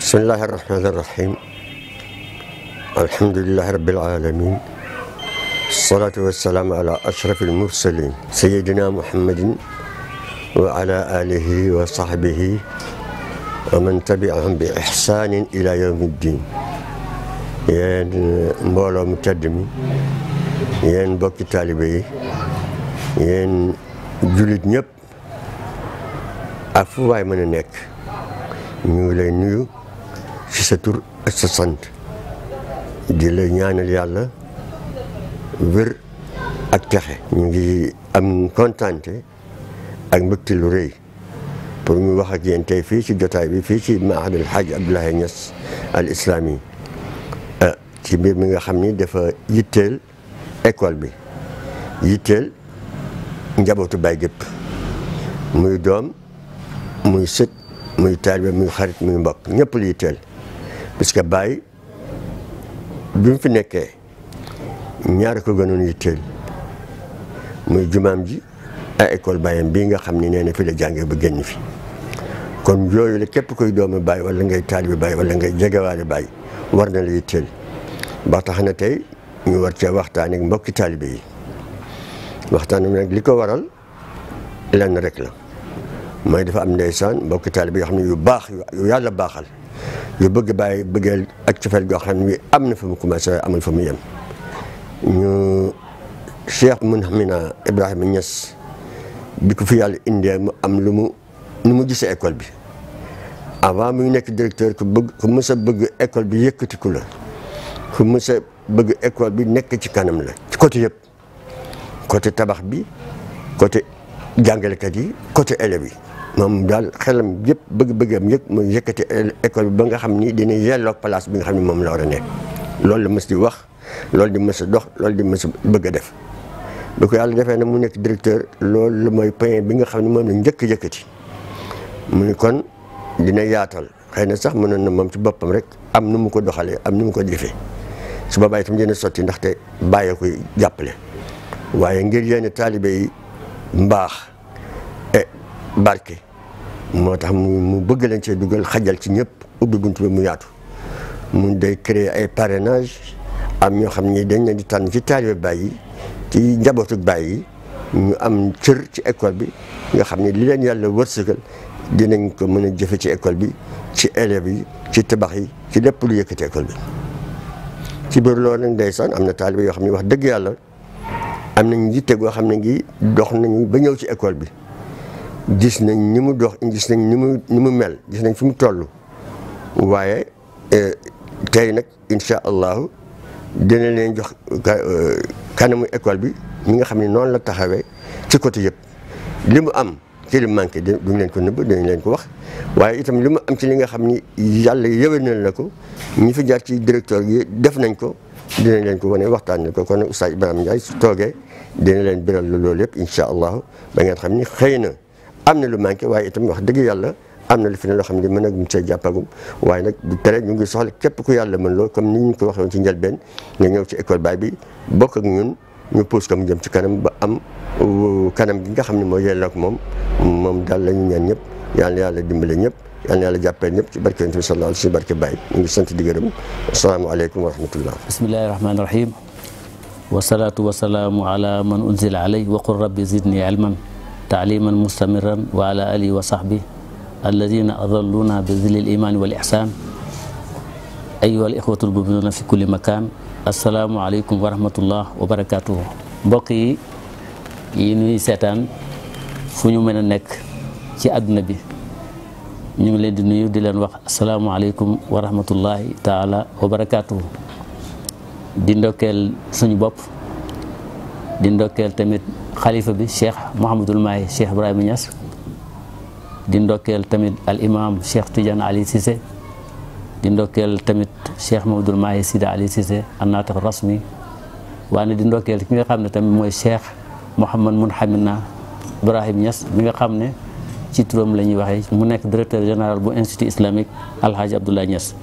بسم الله الرحمن الرحيم الحمد لله رب العالمين الصلاة والسلام على أشرف المرسلين سيدنا محمد وعلى آله وصحبه ومن تبعهم بإحسان إلى يوم الدين يعني مولا متدم يعني mi yéen يعني جلد yi yéen من نيك نيو ci sa tur sant di la ñaanal yàlla wér ak texe mu ngi am kontaante ak mbégte lu rëy pour ñu wax ak yéen fii ci jotaay bi fii ci Mahad El Hadj Abdoulaye Niass al islami ah, ci mbir mi nga xam ni dafa yitteel école bi yitteel njabootu baay gépp muy doom muy sët muy taalibe muy xarit muy mbokk ñëpp la yitteel parce que Baye bi mu fi nekkee ñaar ko gënoon yitteel muy jumaam ji ay école bàyyam bii nga xam ne nee fi la jàngee ba génn fi kon yooyu la képp koy doomi Baye wala ngay taalibe Baye wala ngay jegewaale Baye war na la yitteel ba tax na tey ñu war cee waxtaan ak mbokki taalibe yi waxtaan ak li ko waral lenn rek la mooy dafa am ndeysaan mbokki taalibe yoo xam ne yu baax yu yàlla baaxal ñu bëgg bàyyi bëggeel ak cofeel goo xam ne am na fa mu commencé amul fa mu yem ñu Cheikh Mounhamina Ibrahima Niass bi ko fi yàlla indee mu am lu mu nu mu gisee école bi avant muy nekk directeur ku bëgg ku mës a bëgg école bi yëkkatiku la ku mës bëgg école bi nekk ci kanam la ci côté yëpp côté tabax bi côté jàngalekat yi côté élèves yi moom daal xelam yëpp bëgg-bëggam yëpp mooy yëkkati école bi ba nga xam ni dina yelloog place bi nga xam ni moom la war a nekk loolu la mës di wax loolu di mës a dox loolu di mës bëgg a def bu ko yàlla defee na mu nekk directeur loolu lu mooy point bi nga xam ne moom la njëkk yëkkati mu ni kon dina yaatal xëy na sax mënoon na moom si boppam rek am nu mu ko doxalee am nu mu ko defee su boobaa itam dina sotti ndaxte bàyyee koy jàppale waaye ngir yenn taalibe yi mbaax e moo tax mu bëgg leen cee dugal xajal ci ñëpp ubbi bunt bi mu yaatu mu day créer ay parrainage am ñoo xam ni dañ leen di tànn ci taalibe Baay ci njabootu Baay yi ñu am cër ci école bi nga xam ne li leen yàlla wërsëgal dinañ ko mën a jëfe ci école bi ci élèves yi ci tabax yi ci lépp lu yëkkati école bi ci biir loolu nag son am na taalibe yoo xam ne wax dëgg yàlla am nañ yitte goo xam ne ngi dox nañu ba ñëw ci école bi diis nañ ni mu dox gis nañ ni mu ni mu mel gis nañ fi mu toll waaye eh, tey nag incha allahu dina leen jox eh, kanamu école bi mi nga xam ni noonu la taxawee ci côté yëpp li mu am ci li manqué duñ leen ko nëbb dañ leen ko wax waaye itam li mu am ci li nga xam ni yàlla nan na ko ñi fi jaar ci directeur yi def nañ ko dinañ leen ko wane waxtaan waxtaanee ko kon Oustaz Ibrahima Ndiaye su toogee dina leen biral loolu yëpp incha allahu ba ngeen xam ni xëy na am na lu manqué waaye itam wax dëgg yàlla am na lu fi ne loo xam ne mën nag ñu see jàppagum waaye nag du tere ñu ngi soxla képp ku yàlla mën loolu comme ni ñu ko waxoon ci njëlbeen nga ñëw ci école baay bi bokk ak ñun ñu pousse ko mu ci kanam ba am kanam gi nga xam ne mooy yelloo ak moom moom daal la ñu ñaan ñëpp yàlla yàlla dimbale ñëpp yàlla yàlla jàppale ñëpp ci barke yonent bi sallallahu alayhi barke Baay ñu ngi sant di gërëm asalaamaaleykum wa rahmatullah bismillahi rahmaani rahim wasalaatu wasalaamu ala man unzila alay waqul rabbi zidni ilman تعليما مستمرا وعلى آله وصحبه الذين أظلونا بذل الإيمان والإحسان أيها الإخوة المؤمنون في كل مكان السلام عليكم ورحمة الله وبركاته بقي ينوي ستان فنو من النك في àdduna bi ñu ngi leen di السلام عليكم ورحمه الله تعالى وبركاته rahmatullahi taala di ndokkeel tamit xalifa bi cheikh Mouhamadul Mahi cheikh Ibrahima Niass di ndokkeel tamit al imam cheikh Ali Cissé di ndokkeel tamit cheikh Mouhamadul Mahi Sida Ali Cissé annaatak rasmi waane di ndokkeel ki nga xam ne tamit mooy cheikh Mouhamad Mounhamina Ibrahim Niass mi nga xam ne ci turam la ñuy waxee mu nekk directeur général bu institut islamique Alhaji Abdoulaye Niass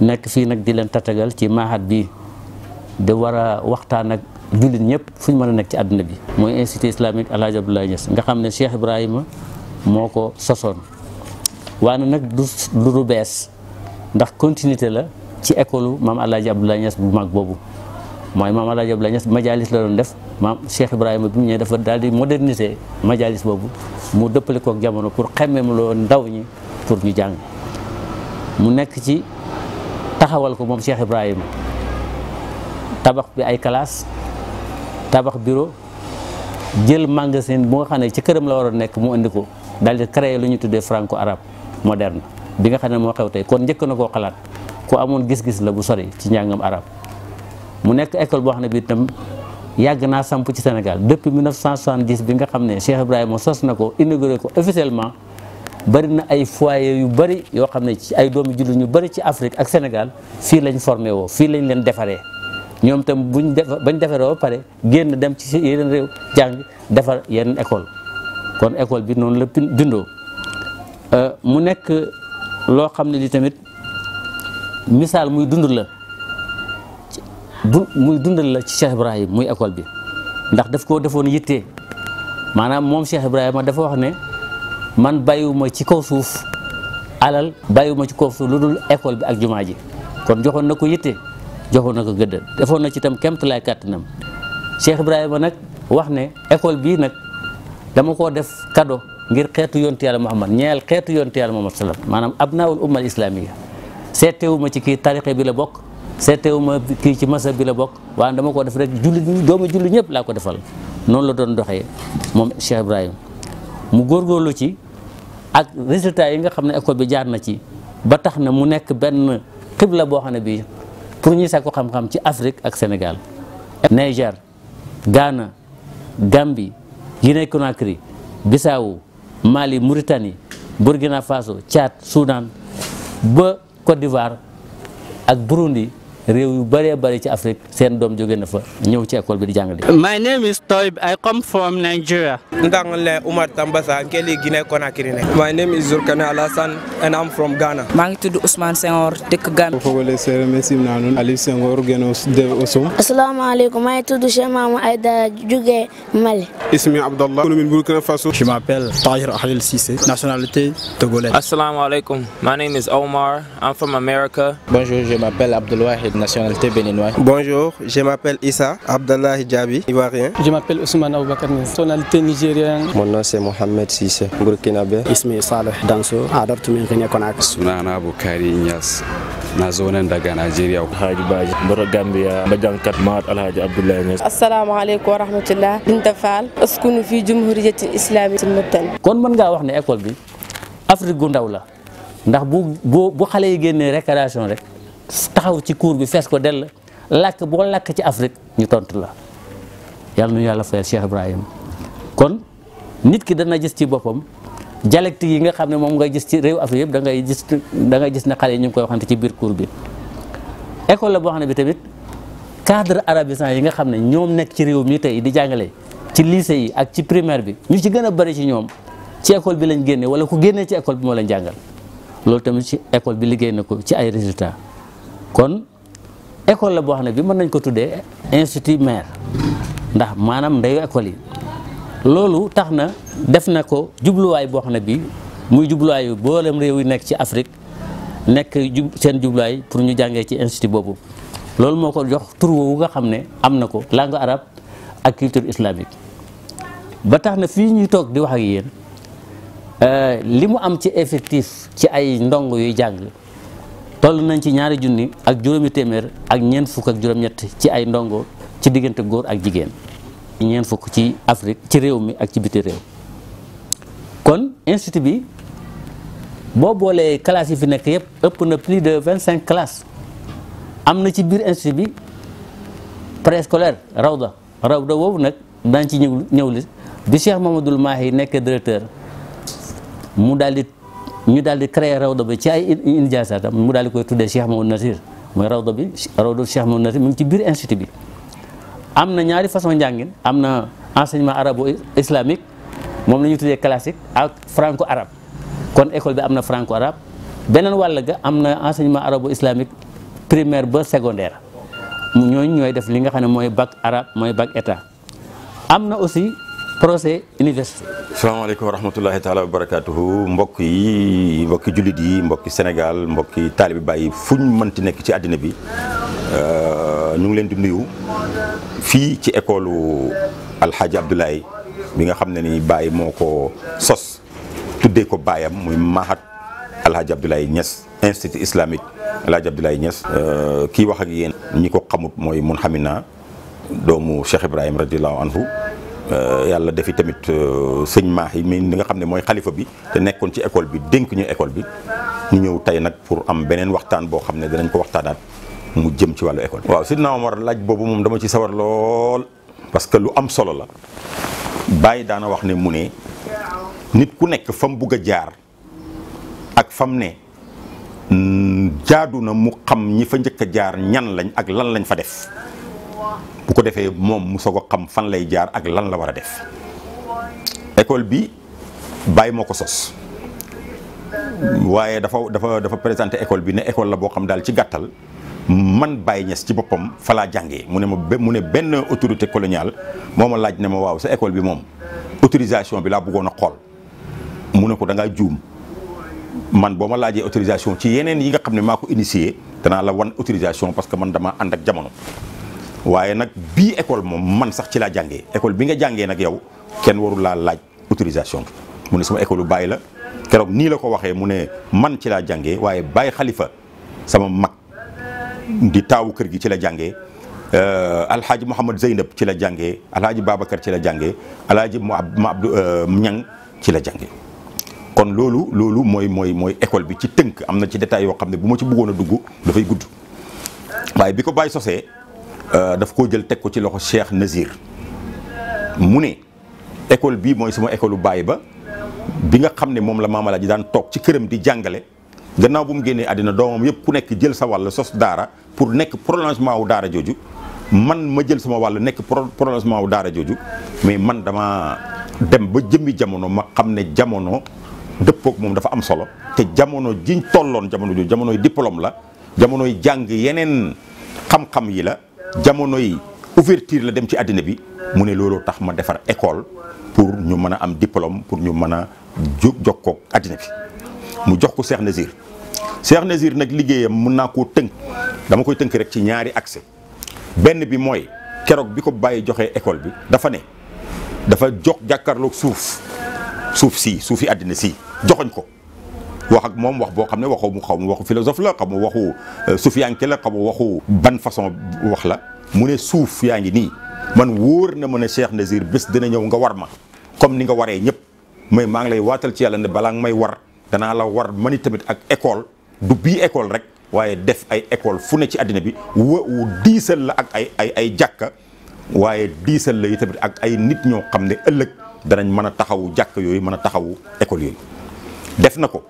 nekk fii nag di tatagal ci maaxat bi di war a waxtaan jullit ñëpp fu ñu mën a nekk ci àdduna bi mooy institut islamique El Hadj Abdoulaye Niass nga xam ne Cheikh Ibrahima moo ko sosoon waane nag du lu bees ndax continuité la ci école maam El Hadj Abdoulaye bu mag boobu mooy maam El Hadj Abdoulaye Niass majalis la doon def maam Cheikh Ibrahima bi mu ñëwee dafa daal di moderniser majalis boobu mu dëppale kook jamono pour xemmeem loo ndaw ñi pour ñu jàng mu nekk ci taxawal ko moom Cheikh Ibrahima tabax bi tabax bureau jël magasin bu nga xam ne ci këram la waroon nekk mu indi ko daal di créer lu ñu tuddee franco arabe moderne bi nga xam ne moo xew tey kon njëkk na koo xalaat ku amoon gis-gis la bu sori ci njàngam arab mu nekk école boo xam ne bi tam yàgg naa samp ci Sénégal depuis 1970 bi nga xam ne Cheikh Ibrahima sos na ko inauguré ko officiellement bari na ay foyer yu bari yoo xam ne ci ay doomi jullit ñu bari ci Afrique ak Sénégal fii lañ formé woo fii lañ leen defaree. ñoom tam buñ def bañ defaroo ba pare génn dem ci yeneen réew jàng defar yenn école kon école bi noonu la dundoo euh, mu nekk loo xam ne li tamit misaal muy dund la bu muy dundal la ci Cheikh Ibrahim muy école bi ndax daf koo defoon yitte maanaam moom Cheikh Ibrahima dafa wax ne man bàyyiwuma ci kaw suuf alal bàyyiwuma ci kaw suuf lu dul école bi ak jumaa ji kon joxoon na ko yitte joxoon na ko gëdd defoon na ci itam kemtalaay kàttanam Cheikh Ibrahima nag wax ne école bii nag dama koo def cadeau ngir xeetu yontu yàlla Muhammad ñeel xeetu yontu yàlla Muhammad salaam maanaam abnaawul ummal islamiya seetewuma ci kii tariqe bi la bokk seetewuma kii ci masa bi la bokk waaye dama koo def rek julli doomu julli ñëpp laa ko defal noonu la doon doxee moom Cheikh Ibrahima mu góor góorlu ci ak résultat yi nga xam ne école bi jaar na ci ba tax na mu nekk benn xibla boo xam ne bii pour ñuy sàkku xam ci Afrique ak Sénégal Niger Ghana Gambie Guinée Conakry Bissau Mali Mauritanie Burkina Faso Tchad Soudan ba Côte d'Ivoire ak Burundi yu ci Afrique jóge na fa ñëw ci école bi di jàngale. My name is Toib. I come from Nigeria. Umar Guinée Conakry. My name is Zurkane Alassane and I'm from Ghana. maa ngi Ousmane Senghor dëkk Senghor geno de Osum. ngi jóge Mali. Ismi Abdallah. min Burkina Faso. Je m'appelle Tahir Ahlil Nationalité My name is Omar. I'm from America. Bonjour, je m'appelle Abdelwahid. nationalité béninoise Bonjour, je m'appelle Issa Abdallah Hijabi, ivoirien. Je m'appelle Ousmane Aboubakar nationalité nigérienne. Mon nom c'est Mohamed Sissé, burkinabé. Ismi Saleh Danso, Adar min Guinée Konak. Sunana Bukari Nias. na zone nan daga Najeriya. Alhaji Baji, Gambia, Majan Katmat Alhaji Abdullahi Nes. Assalamu alaikum wa rahmatullah. Binta Fall, fi Jumhuriyatul Islamiyya Sunnatan. Kon man ngaa wax ne école bi Afrique gu ndax bu bu bu yi récréation rek taxaw ci cour bi fess ko del lak bo lak ci afrique ñu tontu la yalla nu yalla fay cheikh ibrahim kon nit ki dana gis ci bopam dialecte yi nga xamne mom nga gis ci rew afrique yeb da ngay gis da ngay gis na xalé ñu koy waxante ci bir cour bi école la bo xamne bi tamit cadre arabisant yi nga xamne ñom nek ci rew mi tay di jàngale ci lycée yi ak ci primaire bi ñu ci gëna bari ci ñom ci école bi lañu génné wala ku génné ci école bi mo lañu jangal tamit ci école bi liggéey nako ci ay résultats kon école la boo xam ne bi mën nañ ko tuddee institut maire ndax maanaam ndeyu école yi loolu tax na def na ko jubluwaay boo xam ne bi muy jubluwaayu boolem réew yu nekk ci Afrique nekk jub seen jubluwaay pour ñu jàngee ci institut boobu loolu moo ko jox tur woowu nga xam ne am na ko langue arab ak culture islamique ba tax na fi ñuy toog di wax ak yéen euh, li mu am ci effectif ci ay ndong yuy jàng toll nañ ci ñaari junni ak juróomi téeméer ak ñeent fukk ak juróom-ñett ci ay ndongo ci diggante góor ak jigéen ñeent fukk ci Afrique ci réew mi ak ci biti réew kon institut bi boo boolee classes yi fi nekk yëpp ëpp na plus de vingt cinq classes am na ci biir institut bi préscolaire rawda rawda woowu nag daan ci ñëw ñëw li bi Cheikh Mamadou Mahi nekk directeur mu daal ñu daal di créer rawda bi ci ay injaasaatam mu daal di koy tuddee Cheikh Mamadou Nazir mu ngi ci biir institut bi am na ñaari façon njàngin am na enseignement arabo islamique moom la ñuy tuddee classique ak franco arabe kon école bi am na franco arabe beneen wàll ga am na enseignement arabo islamique primaire ba secondaire ñooñu ñooy def li nga xam ne mooy bac arabe mooy bac état am na aussi projet université. salaamaaleykum wa rahmatullahi taala wa barakaatuhu mbokk yi mbokki jullit yi mbokki Sénégal mbokki taalibi bàyyi fuñ mënti nekk ci addina bi euh, ñu ngi leen di nuyu fii ci école Alxaaji Abdoulaye bi nga xam ne ni Baye moo ko sos tuddee ko baayam muy Mahat Alxaaji Abdoulaye Niass institut islamique Alxaaji Abdoulaye Niass. Euh, kii wax ak yéen ñi ko xamut mooy mun xamina doomu Cheikh Ibrahim radiallahu anhu Euh, yàlla defi tamit euh, sëñ maax yi mi nga xam ne mooy xalifa bi te nekkoon ci école bi dénk ñu école bi ñu ñëw tey nag pour am beneen waxtaan boo xam ne danañ ko waxtaanaat mu jëm ci wàllu école. waaw Sidna Omar laaj boobu moom dama ci sawar que lu am solo la daana wax ne mu ne nit ku nekk fam bugg a jaar ak fam ne jaadu na mu xam ñi fa njëkk a jaar ñan lañ ak lan lañ fa def. bu ko defee moom mu soog a xam fan lay jaar ak lan la war a def école bi bàyyi moo ko sos waaye dafa dafa dafa présenté école bi ne école la boo xam daal ci gàttal man Baye Niass ci boppam fa laa jàngee mu ne ma mu ne benn autorité coloniale moo ma laaj ne ma waaw sa école bi moom autorisation bi laa bëggoon a xool mu ne ko da ngaa juum man boo ma laajee autorisation ci yeneen yi nga xam ne maa ko initié danaa la wan autorisation parce que man dama ànd ak jamono. waaye nag bii école moom man sax ci laa jàngee école bi nga jàngee nag yow kenn warul laa laaj autorisation mu ne sama école bu bàyyi la keroog nii la ko waxee mu ne man ci laa jàngee waaye bàyyi xalifa sama mag di taawu kër gi ci la jàngee euh, alhaaji Mouhamad Zeynab ci la jàngee alhaaji Babacar ci la jàngee alhaaji ma Abdou Ñang euh, ci la jàngee kon loolu loolu mooy mooy mooy école bi ci tënk am na ci détails yoo xam ne bu ma ci bëggoon a dugg dafay gudd waaye bi ko bàyyi sosee Euh, daf koo jël teg ko ci loxo Cheikh Nazir mu ne école bii mooy sama école bu baay ba bi nga xam ne moom la maamala ji daan toog ci këram di jàngale gannaaw bu mu génnee àddina doomam yëpp ku nekk jël sa wàll sos daara pour nekk prolongement wu daara jooju man ma jël sama wàll nekk prolongement wu daara jooju mais man dama dem ba jëmmi jamono ma xam ne jamono dëppook moom dafa am solo te jamono jiñ tolloon jamono jooju jamonoy diplôme la jamonoy jàng yeneen xam-xam yi la jamono yi ouverture la dem ci àddina bi mu ne looloo tax ma defar école pour ñu mën a am diplôme pour ñu mën a jóg jokkoo àddina bi mu jox ko Cheikh Nazir Cheikh Nazir nag liggéeyam mun naa koo tënk dama koy tënk rek ci ñaari accès benn bi mooy keroog bi ko bàyyi joxe école bi dafa ne dafa jox jàkkaarloog suuf suuf sii suufi àddina si joxoñ ko wax ak moom wax boo xam ne waxu mu xaw ma waxu philosophe la xaw ma waxu sufiyanke la xaw ma waxu ban façon wax la mu ne suuf yaa ngi nii man wóor na ma ne Cheikh Nazir bés dina ñëw nga war ma comme ni nga waree ñëpp mais maa ngi lay waatal ci yàlla ne balaa nga may war danaa la war mani tamit ak école du bii école rek waaye def ay école fu ne ci àddina bi wa diisal la ak ay ay ay jàkka waaye diisal la yi tamit ak ay nit ñoo xam ne ëllëg danañ mën a taxawu jàkk yooyu mën a taxawu école yooyu def na ko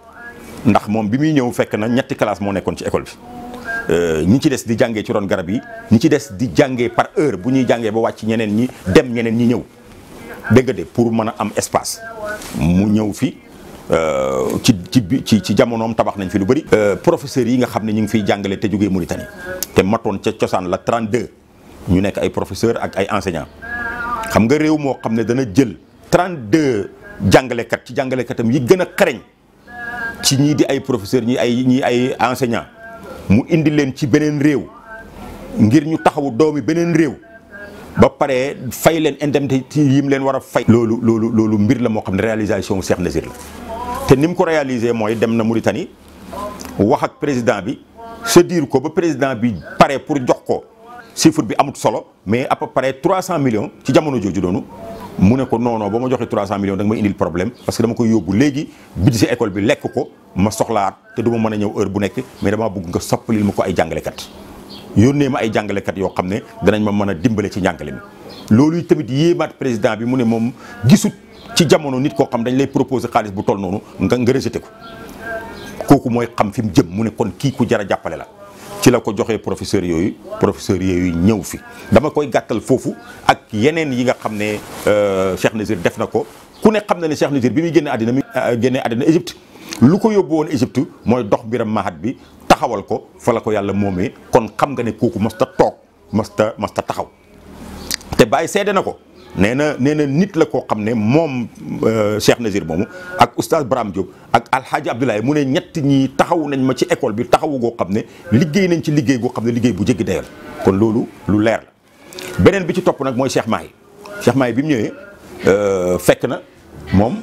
ndax mom bi muy ñew fekk na ñetti classe mo nekkon ci école bi euh ñi ci dess di jangé ci ron garab yi ñi ci dess di jangé par heure bu ñuy jangé ba wacc ñeneen ñi dem ñeneen ñi ñew deug de pour mëna am espace mu ñew fi euh, ci ci ci ci jamonoom tabax nañ fi lu bari euh professeur yi nga xam ne ñu ngi fiy jàngale te jógee Mauritanie té matoon ci ciosan la 32 ñu nekk ay professeur ak ay enseignant xam nga réew mo xam dana jël 32 jangalé kat ci jangalé katam yi gëna a xarañ. ci ñii di ay professeur ñi ay ñii ay enseignant mu indi leen ci beneen réew ngir ñu taxawu doomi beneen réew ba pare fay leen indemnité yi mu leen war a fay. loolu loolu loolu mbir la moo xam ne réalisation wu Cheikh Nazir la te ni mu ko réaliser mooy dem na Mauritanie wax ak président bi se dire ko ba président bi pare pour jox ko chiffre bi amut solo mais à pare près 300 millions ci jamono jooju doonu mu ne ko non non ma joxee 300 millions da nga may indil problème parce que dama koy yóbbu léegi budget école bi lekk ko ma soxlaat te du ma mën a ñëw heure bu nekk mais damaa bëgg nga soppalil ma ko ay jàngalekat yónnee ma ay jàngalekat yoo xam ne danañ ma mën a dimbale ci njàngale mi. loolu tamit yéemaat président bi mu ne moom gisut ci jamono nit koo xam dañ lay proposer xaalis bu toll noonu nga nga rejeté ko kooku mooy xam fi mu jëm mu ne kii ku jar jàppale la. ci la ko joxe professeur yooyu professeur yooyu ñëw fi dama koy gàttal foofu ak yeneen yi nga xam ne euh, Cheikh Nazir def na ko ku ne xam na ne Cheikh Nazir bi muy génne àddina mi euh, génne àddina Égypte lu ko yóbbu woon Égypte mooy dox biram mahat bi taxawal ko fa la ko yàlla moomee kon xam nga ne kooku masta toog masta masta taxaw te bàyyi seede na ko nee na nee na nit la koo xam ne moom euh, Cheikh Nazir moomu ak oustaz Braham Diop ak alxaaji Abdoulaye mu ne ñett ñi taxaw nañ ma ci école bi taxawu goo xam ne liggéey nañ ci liggéey goo xam ne liggéey bu jëgg dayal kon loolu lu leer la beneen bi ci topp nag mooy Cheikh Mahi Cheikh Mahi bi mu ñëwee euh, fekk na moom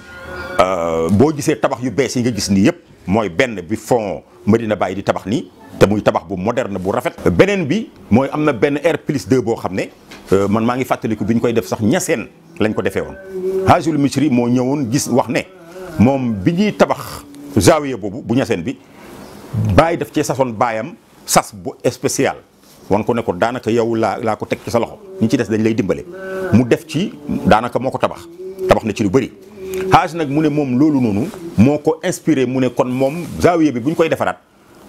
euh, boo gisee tabax yu bees yi nga gis nii yëpp mooy benn bi fond Medina bàyyi di tabax nii té muy tabax bu moderne bu rafet. benen bi moy amna na benn R plus 2 boo xam euh, man ma ngi fàttaliku bi ñu koy def sax ñaseen lañ ko défé won Hajul Misri moo ñëwoon gis wax né mom biñi tabax zaawiya bobu bu ñaseen bi bàyyi daf ci sason bayam sas bu spécial. won ko ne ko danaka yow la laa ko tek ci sa loxo ñi ci dess dañ lay dimbalé mu def ci danaka moko tabax tabax na ci lu bëri xaaj nak mu ne mom lolu nonu moko ko inspiré mu ne kon mom zaawiya bi buñ koy defaraat.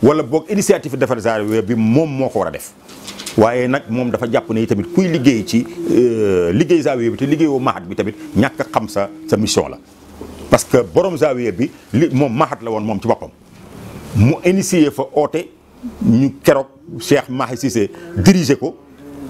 wala boog initiative defar genre bi moom moo ko war a def waaye nag moom dafa jàpp ne tamit kuy liggéey ci euh, liggéey zaawiya bi te liggéeyoo mahat bi tamit ñàkk xam sa sa mission la parce que borom zaawiya bi li moom mahat la woon moom ci boppam mu initié fa oote ñu keroog Cheikh Mahi Cissé ko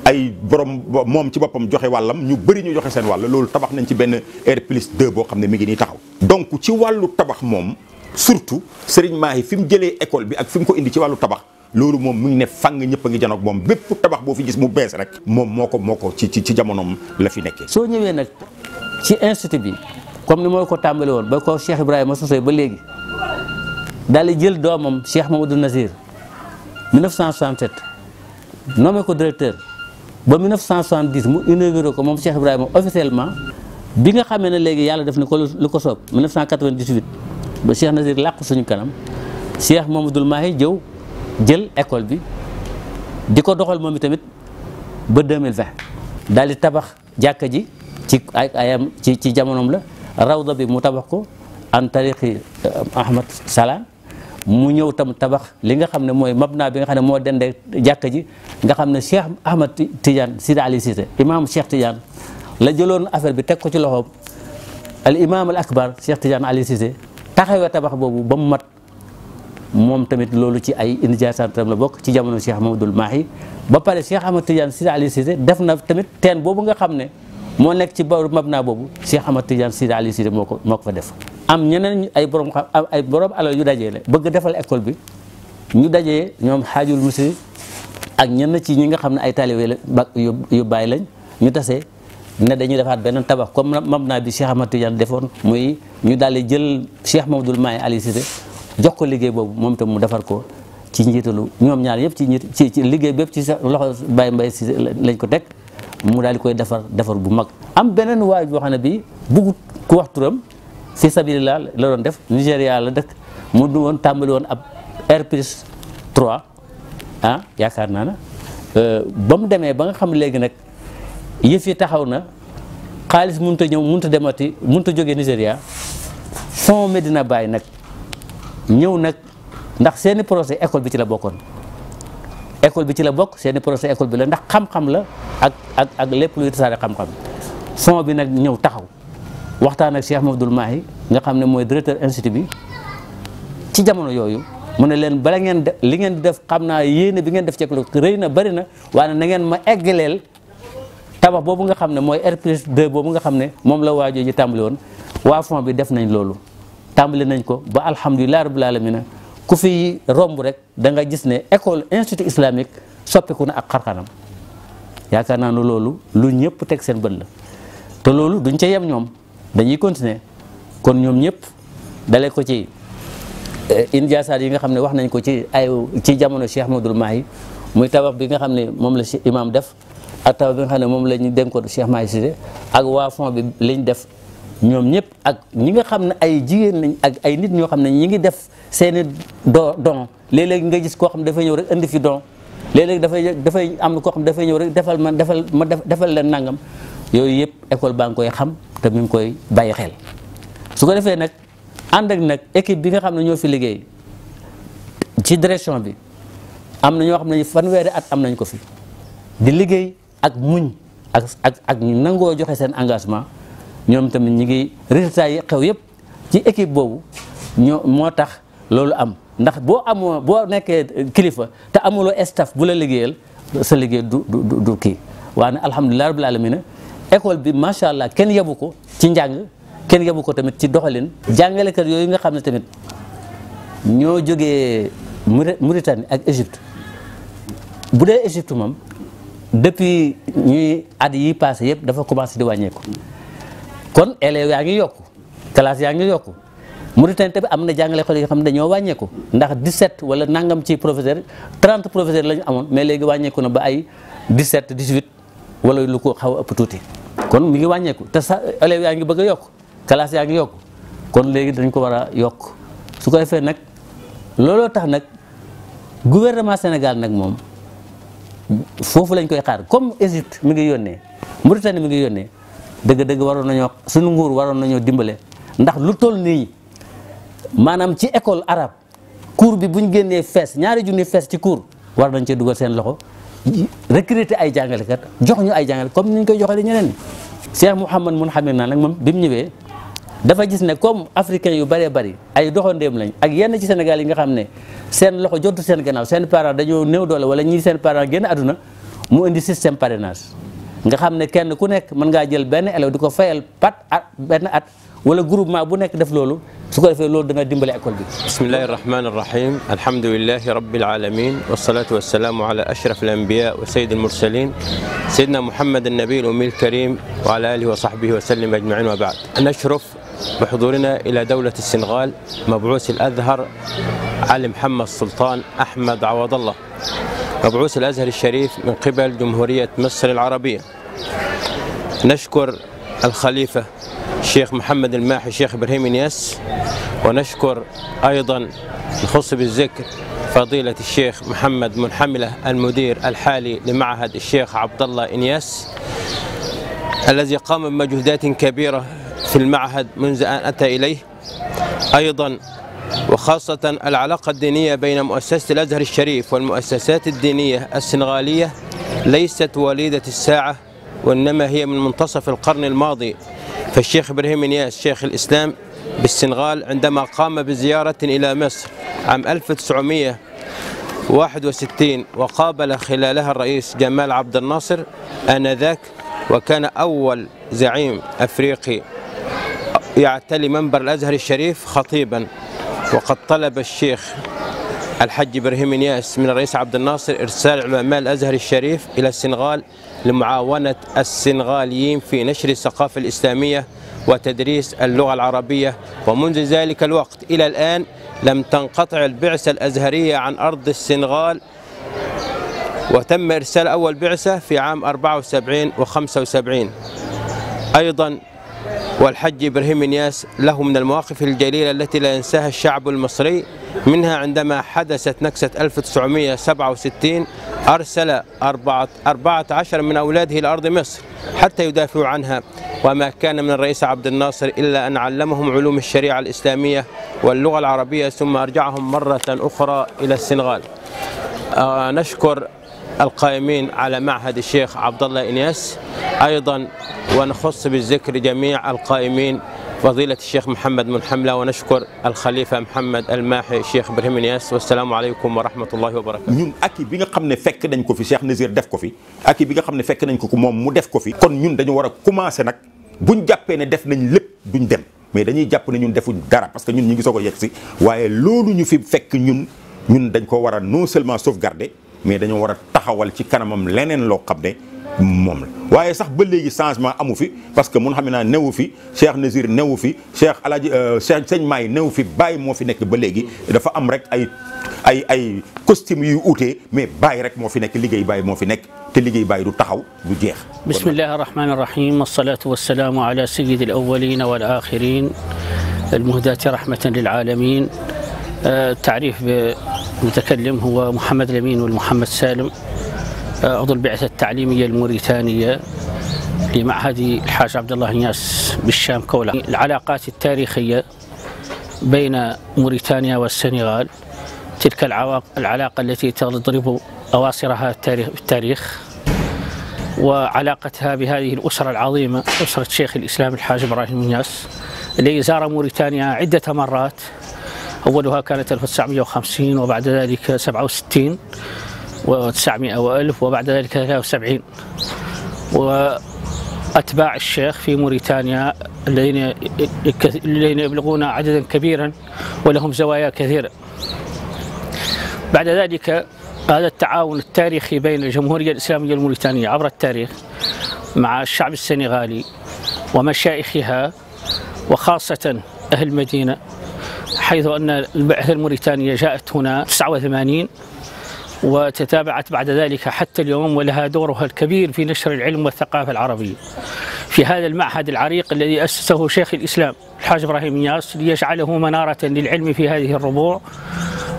ay borom moom ci boppam joxe wàllam ñu bëri ñu joxe seen wàll loolu tabax nañ ci benn R plus 2 boo xam ne mi ngi nii taxaw donc ci wàllu tabax moom surtout Serigne Mahi fim mu école bi ak fim ko indi ci walu tabax lolu mom mu ngi ne fang ñepp a ngi janoog moom bépp tabax bo fi gis mu bees rek mom moko moko ci ci jamonoom la fi nekkee. so ñëwé nak ci institut bi comme ni moko ko tàmbali ba ko Cheikh Ibrahima sosee ba légui dal di jël domam Cheikh Mamadou Nazir 1967 nommé ko directeur ba 1970 mu inauguré ko mom Cheikh Ibrahima officiellement bi nga xamé ne légui yalla def na ko lu ko soob 1998. ba Cheikh Nazir làqu suñu kanam Cheikh Mamadou Mahi jëw jël école bi di ko doxal moom tamit ba 2020 daal di tabax jàkka ji ci ay ayam ci ci jamonoom la rawda bi mu tabax ko an tariqi eh, Ahmad Salam mu ñëw tam tabax li nga xam ne mooy mabna bi nga xam ne moo dendee jàkka ji nga xam ne Cheikh Ahmad Tidiane Sidi Ali Cissé imam Cheikh Tidiane la jëloon affaire bi teg ko ci loxoom al imam al akbar Cheikh Tidiane Ali Cissé taxawee tabax boobu ba mu mat moom tamit loolu ci ay indication tam la bokk ci jamono Cheikh Mamadou Mahi ba pare Cheikh Ahmad Tidiane Sidi Ali def na tamit teen boobu nga xam ne moo nekk ci bawru naa boobu Cheikh Ahmad Tidiane Sidi Ali moo ko moo ko def. am ñeneen ay borom xam ay borom alal ñu dajee bëgg defal école bi ñu dajee ñoom xaajul musri ak ñenn ci ñi nga xam ne ay taalibe yu bàyyi lañ ñu dasee ne dañuy defaat beneen tabax comme mabna bi Cheikh Ahmad Tidiane defoon muy ñu daal di jël Cheikh Mamadou Mahi Ali Cissé jox ko liggéey boobu moom itam mu defar ko ci njiitalu ñoom ñaar yëpp ci njiit ci liggéey bépp ci loxo Baye Mbaye Cissé lañ ko teg mu daal di koy defar defar bu mag. am beneen waay boo xam ne bii bëggut ku wax turam fi sabilillah la doon def Nigéria la dëkk mu du woon tàmbali woon ab R+3 ah yaakaar naa ne euh, ba mu demee ba nga xam léegi nag. yëf yi taxaw na xaliss mënut a ñëw demati mënut a jóge fond Medina bay nak ñew nak ndax seen projet école bi ci la bokkon école bi ci la bok seen projet école bi la ndax xam-xam la ak ak ak lepp lu tassale xam-xam fond bi nak ñew taxaw waxtaan ak Cheikh Mahi nga xamne ne directeur institut bi ci jamono yoyu mu ne len bala ngeen li ngeen def xamna yene bi ngeen def ci école na bari na waaye na ngeen ma eggelel tabax boobu nga xam ne mooy R plus boobu nga xam ne moom la waajoo ji tàmbali woon waa fond bi def nañ loolu tàmbali nañ ko ba alhamdulilah rabbil alamina ku fi romb rek da nga gis ne école institut islamique soppiku na ak xarxanam yaakaar naa ne loolu lu ñëpp teg seen bët la te loolu duñ ca yem ñoom dañuy continuer kon ñoom ñëpp dalee ko ci eh, indiasaat yi nga xam ne wax nañ ko ci ay ci jamono Cheikh Ahmadoul Mahi muy tabax bi nga xam ne moom la imam def ataw bi nga xam ne moom la ñu dénkoon Cheikh Mahi Cissé ak waa fond bi liñ def ñoom ñëpp ak ñi nga xam ne ay jigéen lañ ak ay nit ñoo xam ne ñi ngi def seeni do don léeg nga gis koo xam dafay ñëw rek indi fi don léeg dafay dafay am koo xam dafay ñëw rek defal ma defal ma defal leen nangam yooyu yëpp école baa ngi koy xam te mi ngi koy bàyyi xel su ko defee nag ànd ak nag équipe bi nga xam ne ñoo fi liggéey ci direction bi am na ñoo xam ne fanweeri at am nañ ko fi di liggéey ak muñ ak ak ak nangoo joxe seen engagement ñoom tamit ñi ngi résultat yi xew yëpp ci équipe boobu ñoo moo tax loolu am ndax boo amoo boo nekkee kilifa te amuloo staff bu la liggéeyal sa liggéey du du du kii waane alhamdulilah rabbil alamina école bi macha allah kenn yabu ko ci njàng kenn yabu ko tamit ci doxalin jàngalekat yooyu nga xam ne tamit ñoo jógee Mauritanie ak Égypte bu dee Égypte moom depuis ñuy at yi passé yëpp dafa commencé di wàññeeku kon élèves yaa ngi yokk classe yaa ngi yokk mu yokku Mauritanie tamit am na jàngale xol yoo xam ne dañoo wàññeeku ndax 17 wala nangam ci professeur 30 professeur la amoon mais léegi wàññeeku na ba ay 17 18 wala lu ko xaw a ëpp tuuti kon mu ngi wàññeeku te sax élèves yaa ngi bëgg a yokk classe yaa ngi yokku kon léegi dañ ko war a yokk su ko defee nag looloo tax nag gouvernement Sénégal nag moom. foofu lañ koy xaar comme Égypte mi ngi yónnee Mauritanie mi ngi yónnee dëgg-dëgg waroon nañoo suñu nguur waroon nañoo dimbale ndax lu toll nii maanaam ci école arab cours bi buñ génnee fees ñaari junni fees ci cours war nañ cee dugal seen loxo recruter ay jàngalekat jox ñu ay jàngale comme ni ñu koy joxee ñeneen ñi. Cheikh Mouhamad mun xamir naa nag moom bi mu ñëwee. dafa gis ne comme africain yu bare bare ay doxondem lañ ak yenn ci Sénégal yi nga xamne sen loxo jottu sen gannaaw sen parents dañu new doole wala ñi sen parents génn aduna mu indi système parrainage nga xamne kenn ku nek man nga jël ben élève diko fayal pat ben at wala groupement bu nek def lolu su ko defé lolu da nga dimbale école bi bismillahir rahmanir rahim alhamdulilahi rabbil alamin wassalatu wassalamu ala ashraf al anbiya wa sayyid al mursalin sayyidina muhammad an nabiy al umil سيدنا محمد النبي الأمي الكريم وعلى آله وصحبه وسلم أجمعين وبعد نشرف بحضورنا إلى دولة السنغال مبعوث الأزهر علي محمد سلطان أحمد عوض الله مبعوث الأزهر الشريف من قبل جمهورية مصر العربية نشكر الخليفة الشيخ محمد الماحي الشيخ إبراهيم نياس ونشكر أيضا الخص بالذكر فضيلة الشيخ محمد منحملة المدير الحالي لمعهد الشيخ عبد الله إنياس الذي قام بمجهودات كبيرة في المعهد منذ أن أتى إليه أيضا وخاصة العلاقة الدينية بين مؤسسة الأزهر الشريف والمؤسسات الدينية السنغالية ليست وليدة الساعة وإنما هي من منتصف القرن الماضي فالشيخ إبراهيم نياس شيخ الإسلام بالسنغال عندما قام بزيارة إلى مصر عام 1961 وقابل خلالها الرئيس جمال عبد الناصر آنذاك وكان أول زعيم أفريقي يعتلي منبر الأزهر الشريف خطيبا وقد طلب الشيخ الحج إبراهيم نياس من الرئيس عبد الناصر إرسال علماء الأزهر الشريف إلى السنغال لمعاونة السنغاليين في نشر الثقافة الإسلامية وتدريس اللغة العربية ومنذ ذلك الوقت إلى الآن لم تنقطع البعثة الأزهرية عن أرض السنغال وتم إرسال أول بعثة في عام 74 و 75 أيضا والحج إبراهيم نياس له من المواقف الجليلة التي لا ينساها الشعب المصري منها عندما حدثت نكسة 1967 أرسل 14 من أولاده إلى أرض مصر حتى يدافعوا عنها وما كان من الرئيس عبد الناصر إلا أن علمهم علوم الشريعة الإسلامية واللغة العربية ثم أرجعهم مرة أخرى إلى السنغال آه، نشكر القائمين على معهد الشيخ عبد الله انياس ايضا ونخص بالذكر جميع القائمين فضيلة الشيخ محمد بن حملة ونشكر الخليفة محمد الماحي الشيخ ابراهيم انياس والسلام عليكم ورحمة الله وبركاته. نون أكي بيغا خامن فك نانكو في شيخ نزير ديف كوفي أكي بيغا خامن فك نانكو كو موم مو ديف كوفي كون نون دانيو ورا كومانسي ناك بون جابي ني ديف نان ليب دون ديم مي دانيي جاب ني نون ديفو دارا باسكو نون نيغي سوكو ييكسي وايي لولو ني في فك نون نون دانكو ورا نو سيلمان سوف غاردي mais dañu wara taxawal ci kanamam leneen lo xamne mom la waye sax ba léegi changement amu fi parce que mun xamina newu fi Cheikh Nazir newu fi Cheikh Alaaji Cheikh Sëñ Maay newu fi baye mo fi nek ba léegi dafa am rek ay ay ay costume yu outé mais baye rek mo fi nek liggéey baye mo fi nek te liggéey baye du taxaw du jeex bismillah arrahman arrahim wassalatu wassalamu ala sayyidil awwalin wal akhirin المهداة رحمة للعالمين التعريف بمتكلم هو محمد الأمين والمحمد سالم آه، عضو البعثة التعليمية الموريتانية لمعهد الحاج عبد الله نياس بالشام كولا العلاقات التاريخية بين موريتانيا والسنغال تلك العلاقة التي تضرب أواصرها التاريخ وعلاقتها بهذه الأسرة العظيمة أسرة شيخ الإسلام الحاج إبراهيم نياس الذي زار موريتانيا عدة مرات أولها كانت 1950 وبعد ذلك 67 و900 و1000 وبعد ذلك 73 وأتباع الشيخ في موريتانيا الذين الذين يبلغون عددا كبيرا ولهم زوايا كثيرة بعد ذلك هذا التعاون التاريخي بين الجمهورية الإسلامية الموريتانية عبر التاريخ مع الشعب السنغالي ومشايخها وخاصة أهل المدينة حيث أن البعثة الموريتانية جاءت هنا 89 وتتابعت بعد ذلك حتى اليوم ولها دورها الكبير في نشر العلم والثقافة العربية في هذا المعهد العريق الذي أسسه شيخ الإسلام الحاج إبراهيم ياس ليجعله منارة للعلم في هذه الربوع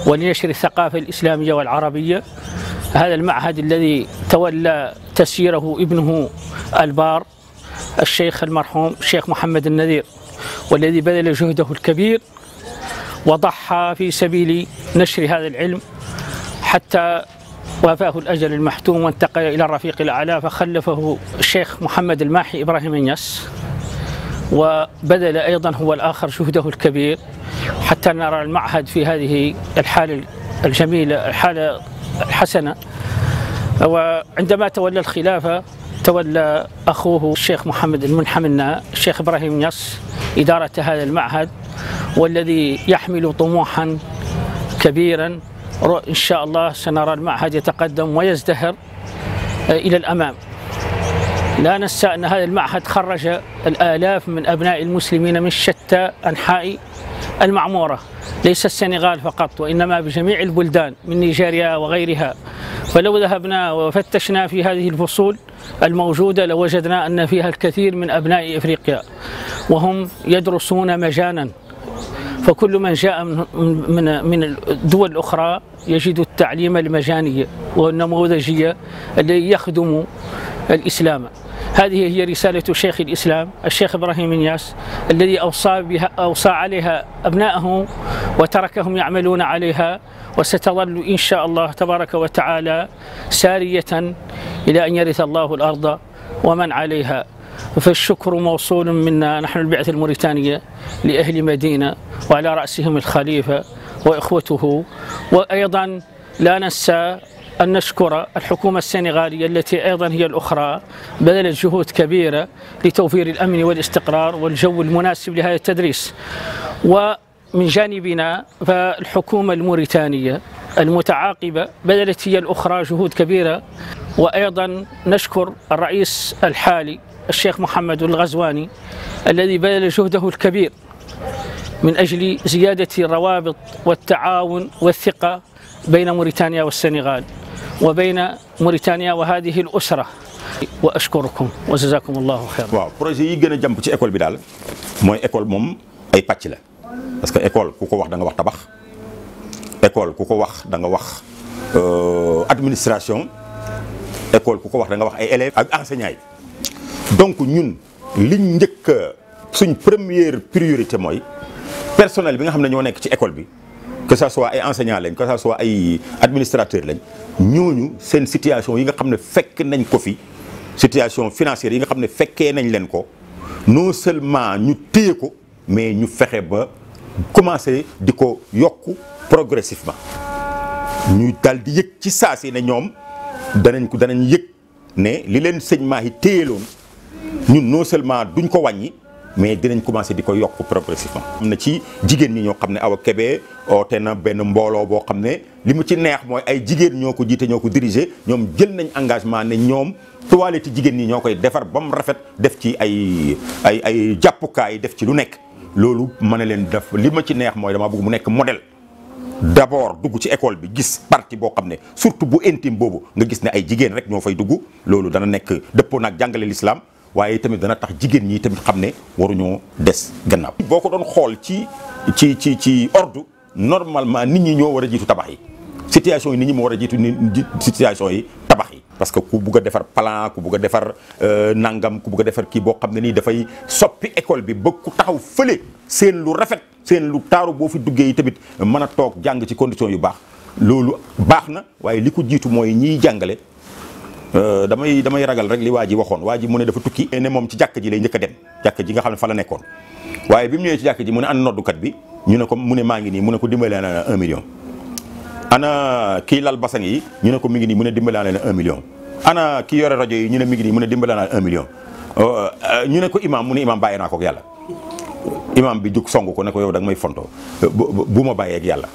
ولنشر الثقافة الإسلامية والعربية هذا المعهد الذي تولى تسييره ابنه البار الشيخ المرحوم الشيخ محمد النذير والذي بذل جهده الكبير وضحى في سبيل نشر هذا العلم حتى وافاه الأجل المحتوم وانتقل إلى الرفيق الأعلى فخلفه الشيخ محمد الماحي إبراهيم النيس وبذل أيضا هو الآخر جهده الكبير حتى نرى المعهد في هذه الحالة الجميلة الحالة الحسنة وعندما تولى الخلافة تولى أخوه الشيخ محمد المنحمنا الشيخ إبراهيم نص إدارة هذا المعهد والذي يحمل طموحا كبيرا إن شاء الله سنرى المعهد يتقدم ويزدهر آه، إلى الأمام لا ننسى أن هذا المعهد خرج الآلاف من أبناء المسلمين من شتى أنحاء المعمورة ليس السنغال فقط وإنما بجميع البلدان من نيجيريا وغيرها فلو ذهبنا وفتشنا في هذه الفصول الموجودة لوجدنا لو أن فيها الكثير من أبناء إفريقيا وهم يدرسون مجانا فكل من جاء من من الدول الأخرى يجد التعليم المجاني والنموذجية الذي يخدم الإسلام هذه هي رسالة شيخ الإسلام الشيخ إبراهيم ياس الذي أوصى, بها أوصى عليها أبنائه وتركهم يعملون عليها وستظل إن شاء الله تبارك وتعالى سارية إلى أن يرث الله الأرض ومن عليها فالشكر موصول منا نحن البعثة الموريتانية لأهل مدينة وعلى رأسهم الخليفة وإخوته وأيضا لا ننسى أن نشكر الحكومة السنغالية التي أيضا هي الأخرى بذلت جهود كبيرة لتوفير الأمن والاستقرار والجو المناسب لهذا التدريس ومن جانبنا فالحكومة الموريتانية المتعاقبة بذلت هي الأخرى جهود كبيرة وأيضا نشكر الرئيس الحالي الشيخ محمد الغزواني الذي بذل جهده الكبير من أجل زيادة الروابط والتعاون والثقة بين موريتانيا والسنغال وبين موريتانيا وهذه الاسره واشكركم وجزاكم الله خيرا واو بروجي يي غنا جامب سي ايكول بي دال موي ايكول موم اي باتش لا باسكو ايكول كوكو واخ داغا واخ تباخ ايكول كوكو واخ داغا واخ ا ادمنستراسيون ايكول كوكو واخ داغا واخ اي اليف اك انسيناي دونك نون لي نيك سوني بروميير بريوريتي موي بيرسونيل بيغا خا مني ньо نيك سي ايكول بي que ce soit ay enseignants que ce soit ay administrateurs nous, ñooñu une situation yi nga fekk nañ ko situation financière yi nga nañ non seulement nous ko mais nous fexé ba commencer diko progressivement nous dal di yek ci sasi ne ñoom danañ ko ne li len seigne Mahi ñun non seulement duñ ko mais dinañ commencé di ko yokk progressivement. am na ci jigéen ñi ñoo xam ne Awa Kébé oote na benn mbooloo boo xam ne li mu ci neex mooy ay jigéen ñoo ko jiite ko diriger ñoom jël nañ engagement ne ñoom toilette jigéen ñi ñoo koy defar ba mu rafet def ci ay ay ay jàppukaay def ci lu nekk. loolu ma ne leen def li ma ci neex mooy dama bëgg mu nekk modèle d'abord dugg ci école bi gis partie boo xam ne surtout bu intime boobu nga gis ne ay jigéen rek ñoo fay dugg loolu dana nekk dëppoo nag jàngale l'islam waaye tamit dana tax jigéen ñi tamit xam ne waruñoo des gannaaw. boo ko doon xool ci ci ci ci ordre normalement nit ñi ñoo war a jiitu tabax yi situation yi nit ñi moo war a jiitu nit situation yi tabax yi. parce que ku bugg a defar plan ku bugg a defar euh, nangam ku bugg defar kii boo xam ne nii dafay soppi école bi ba ku taxaw fële seen lu rafet seen lu taaru boo fi duggee yi tamit mën a toog jàng ci condition yu baax loolu baax na waaye li ko jiitu mooy ñiy jàngale. Euh, damay damay ragal rek li waa ji waxoon waa ji mu ne dafa tukki ne moom ci jàkk ji lay njëkk a dem jàkk ji nga xam ne fa la nekkoon waaye bi mu ñëwee ci jàkk ji mu ne ana noddukat ñu ne ko mu ne maa ngi nii mu ko dimbalee naa la un million ana kii lal basan yi ñu ne ko mi ngi nii mu ne dimbalee la un million ana yore rajo yi ñu ne mi ngi nii mu ne dimbalee naa la un million euh, euh, ñu ne ko imaam mu ne imaam bàyyi naa ko yàlla imaam bi jug song ko ne ko yow da nga may fonto bu ma bàyyee ak yàlla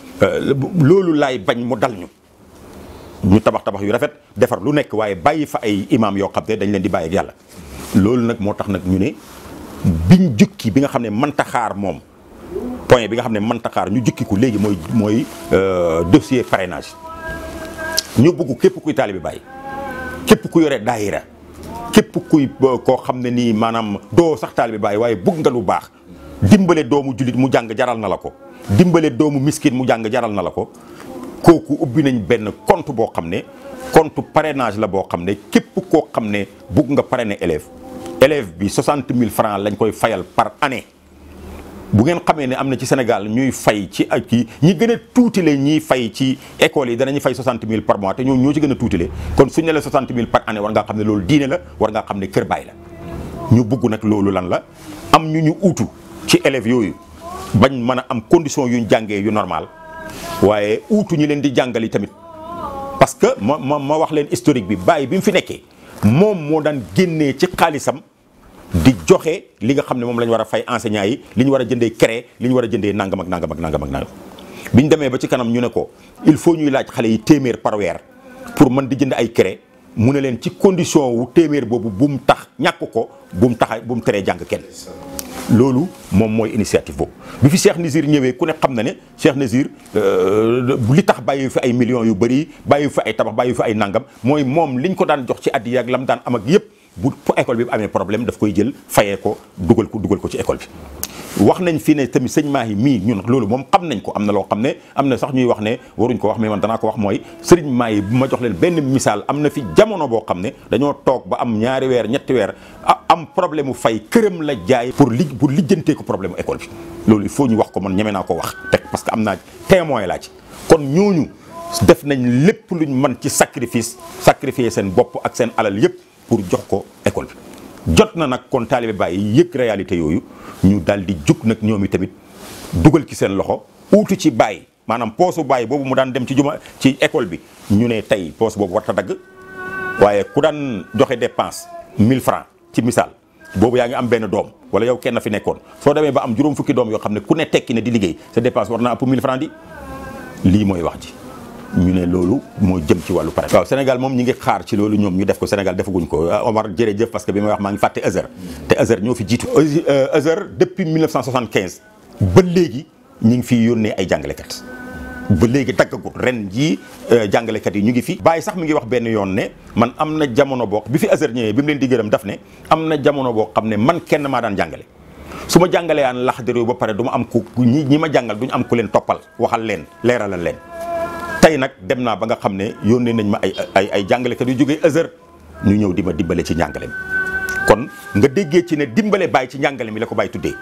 loolu laay bañ mu dal ñu ñu tabax tabax yu rafet defar lu nekk waaye bàyyi fa ay imaam yoo xam ne dañ leen di bàyyi ak yàlla loolu nag moo tax nag ñu ne biñ jukki bi nga xam ne mënta xaar moom point bi nga xam ne mënta xaar ñu jukki ko léegi mooy mooy euh, dossier parrainage ñu bugg képp kuy taalibe bàyyi képp ku yore daayira képp kuy koo xam ne nii maanaam doo sax taalibe bàyyi waaye bugg nga lu baax dimbale doomu jullit mu jàng jaral na la ko dimbale doomu miskin mu jàng jaral na la ko kooku ubbi nañ benn compte boo xam ne compte parrainage la boo xam ne képp koo xam ne bugg nga pare ne élève élève bi 60 000 francs lañ koy fayal par année bu ngeen xamee ni am na ci Sénégal ñuy fay ci ak kii ñi gën a tuutile ñiy fay ci école yi danañu fay 60 000 par mois te ñoo ñoo ci gën a tuutile kon suñu ne la 60 000 par année war ngaa xam ne loolu diine la war ngaa xam ne kër baay la ñu bugg nag loolu lan la am ñu ñu uutu ci élèves yooyu bañ mën a am condition yuñ jàngee yu normal waaye uutu ñi leen di jàngali tamit parce que ma ma ma wax leen historique bi bàyyi bi mu fi nekkee moom moo daan génnee ci xaalisam di joxe li nga xam ne moom lañ war a fay enseignants yi li ñu war a jëndee craie li ñu war a jëndee nangam ak nangam ak nangam ak bi ñu demee ba ci kanam ñu ne ko il faut ñuy laaj xale yi téeméer par pour man di jënd ay craie mu ne leen ci condition wu téeméer boobu bu mu tax ñàkk ko bu mu bu mu teree jàng kenn. loolu moom mooy initiative boobu bi fi Cheikh Nazir ñëwee ku ne xam na ne Cheikh Nazir euh, li tax bàyyi fi ay millions yu bëri bàyyi fi ay tabax bàyyi fi ay nangam mooy moom liñ ko daan jox ci addiya ak lam daan am ak yëpp bu école bi un problème daf koy jël ko ko wax nañ fi ne tamit Mahi nous, ñun loolu moom xam nañ ko am na loo xam sax ñuy wax ne waruñ ko wax mais man danaa ko wax mooy Mahi bu ma jox leen benn misaal am fi jamono dañoo ba am ñaari ñetti am problème fay këram la jaay pour li pour lijjantee ko problème école bi loolu il faut ñu wax ko man ñeme naa wax parce que témoin ci kon def nañ luñ sacrifice sacrifier seen bopp ak seen alal pour jox ko école bi jot na nag kon taalibe Baay yi yëg réalité yooyu ñu daal di jug nag ñoom i tamit dugal ci seen loxo uutu ci Baay maanaam poosu Baay boobu mu daan dem ci juma ci école bi ñu ne tey poos boobu war dagg waaye ku daan joxe dépense 1000 francs ci misaal boobu yaa ngi am benn doom wala yow kenn fi nekkoon soo demee ba am juróom fukki doom yoo xam ne ku ne tekki ne di liggéey sa dépense war naa ëpp 1000 francs di lii mooy wax ji ñu ne loolu moo jëm ci wàllu pare waaw Sénégal moom ñi ngi xaar ci loolu ñoom ñu def ko Sénégal defaguñ ko ah, Omar jërëjëf parce que bi may wax maa ngi fàtte Azhar te Azhar ñoo fi jiitu Azhar euh, depuis 1975 ba léegi ñi ngi fi yónnee ay jàngalekat ba léegi daggagut ren jii euh, jàngalekat yi ñu ngi fi bàyyi sax mi ngi wax benn yoon ne man am na jamono book bi fi Azhar ñëwee bi mu leen di gërëm daf ne am na jamono boo xam ne man kenn maa daan jàngale su ma jàngalee aan laxdar ba pare du ma ku ñi ñi ma jàngal duñu am ku leen toppal waxal leen leeralal leen tey nag dem naa ba nga xam ne yónnee nañ ma ay ay ay jàngalekat yu jógee Azhar ñu ñëw di ma dimbale ci njàngale mi kon nga déggee ci ne dimbale bàyyi ci njàngale mi la ko bàyyi tuddee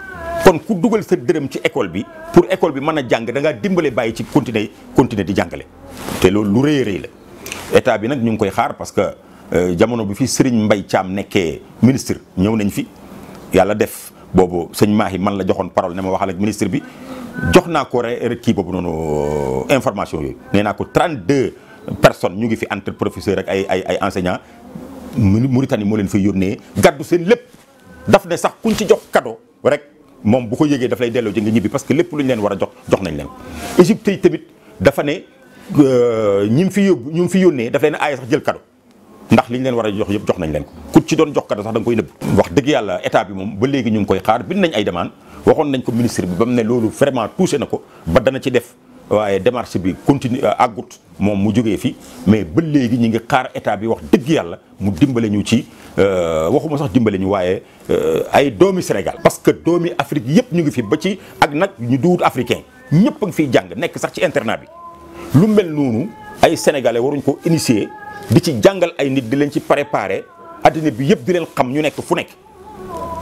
kon ku dugal sa dërëm ci école bi pour école bi mën a jàng da dimbale bàyyi ci continuer continuer di jàngale te loolu lu rëyee a rëy la état bi nag ñu ngi koy xaar parce que euh, jamono bi fi Serigne mbay caam nekkee ministre ñëw nañ fi yàlla def boobu sëñ Mahi man la joxoon parole ne ma waxal bi jox naa ko rek kii boobu noonu euh, information yooyu nee naa ko 32 personnes ñu ngi fi entre professeur ak ay ay ay enseignants Mauritanie moo leen fay yónnee gàddu seen lépp daf ne sax kuñ ci jox cadeau rek moom bu ko yëgee daf lay delloo ji nga ñibbi parce que lépp lu ñu leen war a jox jox nañ leen ko. Égypte yi tamit dafa ne euh, ñi mu fi yóbbu ñu mu fi yónnee daf leen aaye sax jël cadeau ndax li ñu leen war a jox yëpp jox nañ leen ko ku ci doon jox cadeau sax da koy nëbb. wax dëgg yàlla état bi moom ba léegi ñu ngi koy xaar bind nañ ay demande waxoon nañ ko ministre bi ba mu ne loolu vraiment touché na ko ba dana ci def waaye démarche bi continue euh, àggut moom mu jógee fi mais ba léegi ñu ngi xaar état bi wax dëgg yàlla mu dimbale ñu ci euh, waxuma sax dimbale ñu waaye euh, ay doomi Sénégal parce que doomi Afrique yëpp ñu ngi fi ba ci ak nag ñu duwut africain ñëpp a ngi fiy jàng nekk sax ci internat bi lu mel noonu ay sénégalais waruñ ko initier di ci jàngal ay nit di leen ci préparer addina bi yëpp di xam ñu nekk fu nekk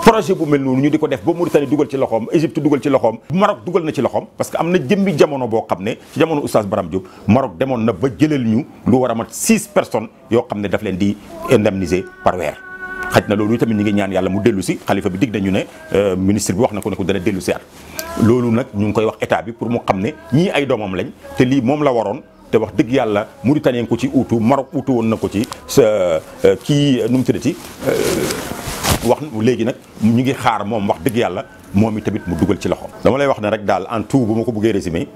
projet bu mel noonu ñu di ko def ba Mauritanie dugal ci loxoom Égypte dugal ci loxoom Maroc dugal na ci loxoom parce que am na jëmbi jamono boo xam ne ci jamono oustaz Baram Diop Maroc demoon na ba jëlal ñu lu war a mat six personnes yoo xam ne daf leen di indemniser par weer xaj na loolu tamit ñu ngi ñaan yàlla mu dellu si xalifa bi dig nañu ne euh, ministre bi wax na ko ne ko dana dellu si at loolu nag ñu ngi koy wax état bi pour mu xam ne ñii ay doomam lañ te lii moom la waroon te wax dëgg yàlla Mauritanien ko ci uutu Maroc uutu woon na ko ci sa euh, kii nu mu tuddati euh, wax léegi nag ñu ngi xaar moom wax dëgg yàlla moom tamit mu dugal ci loxo dama lay wax ne rek daal en tout bu ma ko résumé